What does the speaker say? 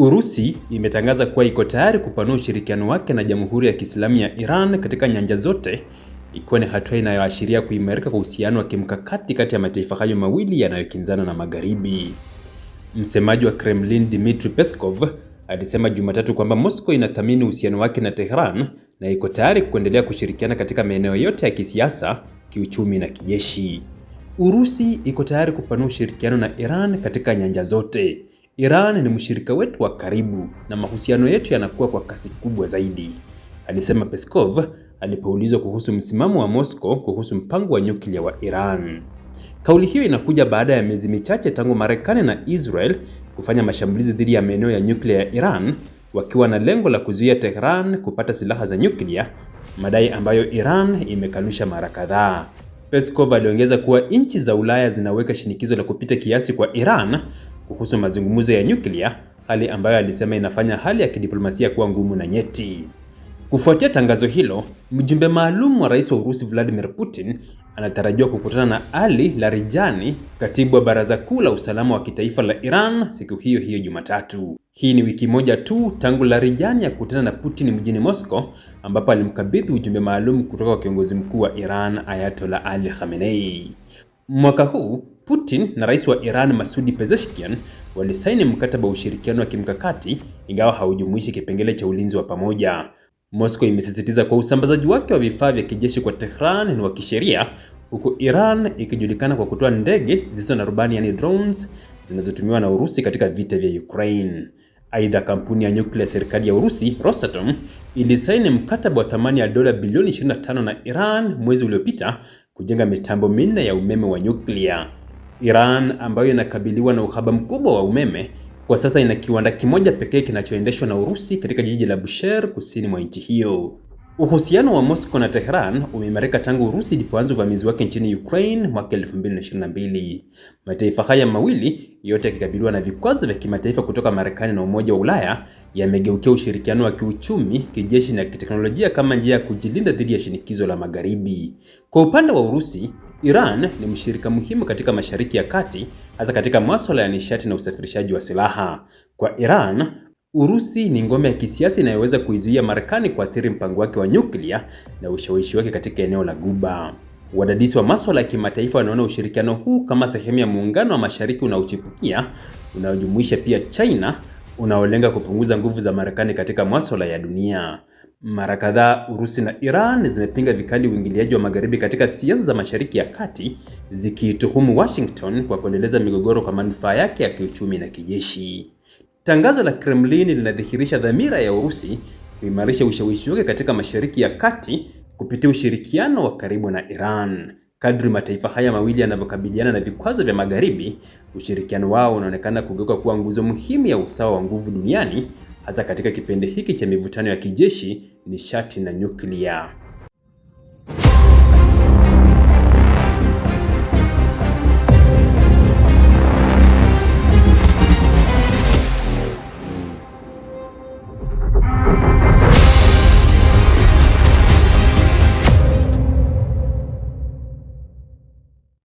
Urusi imetangaza kuwa iko tayari kupanua ushirikiano wake na Jamhuri ya Kiislamu ya Iran katika nyanja zote, ikiwa ni hatua inayoashiria kuimarika kwa uhusiano wa kimkakati kati ya mataifa hayo mawili yanayokinzana na Magharibi. Msemaji wa Kremlin, Dmitry Peskov, alisema Jumatatu kwamba Moscow inathamini uhusiano wake na Tehran na iko tayari kuendelea kushirikiana katika maeneo yote ya kisiasa, kiuchumi na kijeshi. Urusi iko tayari kupanua ushirikiano na Iran katika nyanja zote Iran ni mshirika wetu wa karibu na mahusiano yetu yanakuwa kwa kasi kubwa zaidi, alisema Peskov alipoulizwa kuhusu msimamo wa Moscow kuhusu mpango wa nyuklia wa Iran. Kauli hiyo inakuja baada ya miezi michache tangu Marekani na Israel kufanya mashambulizi dhidi ya maeneo ya nyuklia ya Iran wakiwa na lengo la kuzuia Tehran kupata silaha za nyuklia, madai ambayo Iran imekanusha mara kadhaa. Peskov aliongeza kuwa nchi za Ulaya zinaweka shinikizo la kupita kiasi kwa Iran kuhusu mazungumzo ya nyuklia, hali ambayo alisema inafanya hali ya kidiplomasia kuwa ngumu na nyeti. Kufuatia tangazo hilo, mjumbe maalum wa rais wa Urusi Vladimir Putin anatarajiwa kukutana na Ali Larijani, katibu wa Baraza Kuu la Usalama wa Kitaifa la Iran siku hiyo hiyo Jumatatu. Hii ni wiki moja tu tangu Larijani ya kukutana na Putin mjini Moscow, ambapo alimkabidhi ujumbe maalum kutoka kwa kiongozi mkuu wa Iran Ayatollah Ali Khamenei. Mwaka huu Putin na rais wa Iran Masudi Pezeshkian walisaini mkataba wa ushirikiano wa kimkakati ingawa haujumuishi kipengele cha ulinzi wa pamoja. Moscow imesisitiza kwa usambazaji wake wa vifaa vya kijeshi kwa Tehran ni wa kisheria, huku Iran ikijulikana kwa kutoa ndege zisizo na rubani yani drones zinazotumiwa na Urusi katika vita vya Ukraine. Aidha, kampuni ya nyuklia ya serikali ya Urusi Rosatom ilisaini mkataba wa thamani ya dola bilioni 25 na Iran mwezi uliopita kujenga mitambo minne ya umeme wa nyuklia. Iran ambayo inakabiliwa na uhaba mkubwa wa umeme kwa sasa ina kiwanda kimoja pekee kinachoendeshwa na Urusi katika jiji la Bushehr kusini mwa nchi hiyo. Uhusiano wa Moscow na Tehran umeimarika tangu Urusi ilipoanza uvamizi wake nchini Ukraine mwaka 2022. Mataifa haya mawili yote yakikabiliwa na vikwazo vya kimataifa kutoka Marekani na Umoja wa Ulaya, yamegeukia ushirikiano wa kiuchumi, kijeshi na kiteknolojia kama njia ya kujilinda dhidi ya shinikizo la Magharibi. Kwa upande wa Urusi, Iran ni mshirika muhimu katika Mashariki ya Kati, hasa katika masuala ya nishati na usafirishaji wa silaha. Kwa Iran, Urusi ni ngome ya kisiasa inayoweza kuizuia Marekani kuathiri mpango wake wa nyuklia na ushawishi wake katika eneo la Guba. Wadadisi wa masuala ya kimataifa wanaona ushirikiano huu kama sehemu ya muungano wa Mashariki unaochipukia unaojumuisha pia China unaolenga kupunguza nguvu za Marekani katika masuala ya dunia. Mara kadhaa Urusi na Iran zimepinga vikali uingiliaji wa magharibi katika siasa za Mashariki ya Kati, zikiituhumu Washington kwa kuendeleza migogoro kwa manufaa yake ya kiuchumi na kijeshi. Tangazo la Kremlin linadhihirisha dhamira ya Urusi kuimarisha ushawishi wake katika Mashariki ya Kati kupitia ushirikiano wa karibu na Iran. Kadri mataifa haya mawili yanavyokabiliana na vikwazo vya Magharibi, ushirikiano wao unaonekana kugeuka kuwa nguzo muhimu ya usawa wa nguvu duniani, hasa katika kipindi hiki cha mivutano ya kijeshi, nishati na nyuklia.